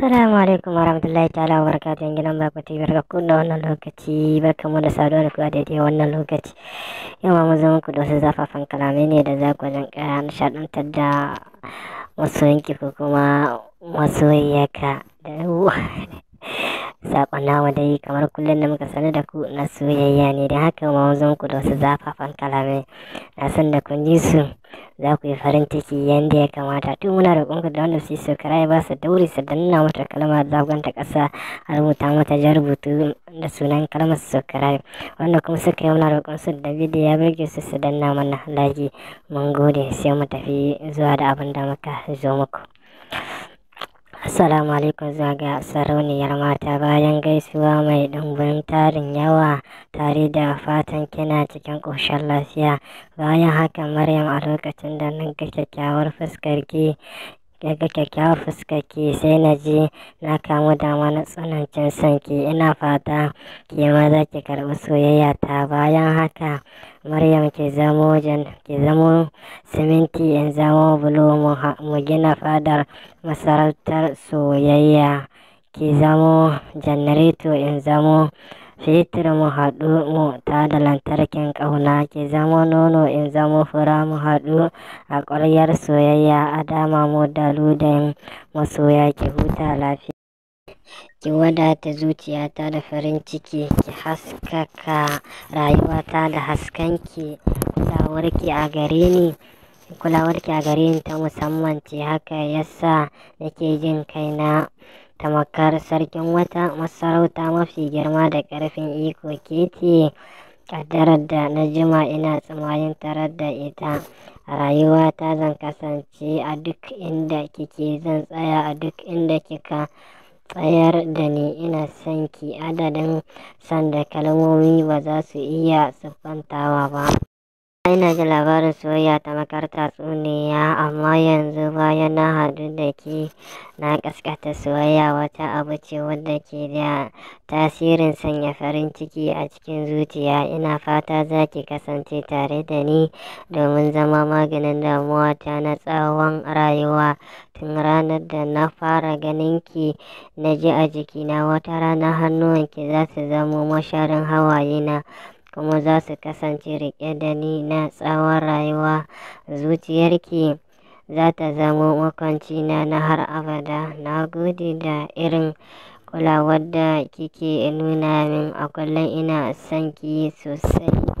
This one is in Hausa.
Assalamu alaikum warahmatullahi ta'ala wa barakatuh yan gidan bako TV barkaku da wannan lokaci barkamu da saduwa da kuwa daidai wannan lokaci yau ma mu da wasu zafafan kalamai ne da za kaya jin kara nishadantar da masoyinki ko kuma masoyiyarka da saƙon namu dai kamar kullum da muka sani da ku na soyayya ne da haka ma zan ku da wasu zafafan kalamai na san da kun ji su za ku yi farin ciki yadda ya kamata tun muna roƙon ku da wanda su yi saukara ba su dauri su danna mata kalmar zagonta ƙasa a rubuta mata jan rubutu da sunan kalmar saukara wanda kuma suka yi muna roƙon su da bidiyo ya burge su su danna mana lagi mun gode sai mu tafi zuwa da abin da muka zo muku. Assalamu alaikum zaga sarauniyar mata bayan gaisuwa mai ɗumbin tarin yawa tare da fatan kina cikin ƙoshin lafiya bayan haka Maryam a lokacin da na ga kyakkyawar fuskar ki daga kyakkyawar fuskarki sai na ji na kamu da wani tsanancin sanki ina fata ke ma za ki karɓi soyayya ta bayan haka maryam ki zamo ki zamo siminti in zamo bulo mu gina fadar masarautar soyayya ki zamo janareto in zamo Fetur mu haɗu mu ta da lantarkin ƙauna ki zama nono in zama fura mu haɗu a ƙwaryar soyayya a dama mu da ludayin masoya ki huta lafiya. Ki wadata zuciyata da farin ciki ki haskaka rayuwata da haskanki kulawarki a gare ni. kulawarki a gare ni ta musamman ce haka yasa nake jin kaina tamakar sarkin wata masarauta mafi girma da ƙarfin iko ke ce ƙaddarar da na jima ina tsimayin tarar da ita rayuwa ta zan kasance a duk inda kike zan tsaya a duk inda kika tsayar da ni ina son ki adadin sanda kalmomi ba za su iya siffantawa ba ina ji labarin soyayya ta makar tsuniya, amma yanzu bayan na hadu da ke na kaskata soyayya wata abu ce wadda ke da tasirin sanya farin ciki a cikin zuciya ina fata za ki kasance tare da ni domin zama maganin damuwa ta na tsawon rayuwa tun ranar da na fara ganin ki na ji a jikina wata rana hannuwanki za su zamo masharin hawaye na kuma za su kasance riƙe da ni na tsawon rayuwa zuciyarki za ta zamo makwancina na har abada na gode da irin kulawar da kike nuna min a kullum ina son ki sosai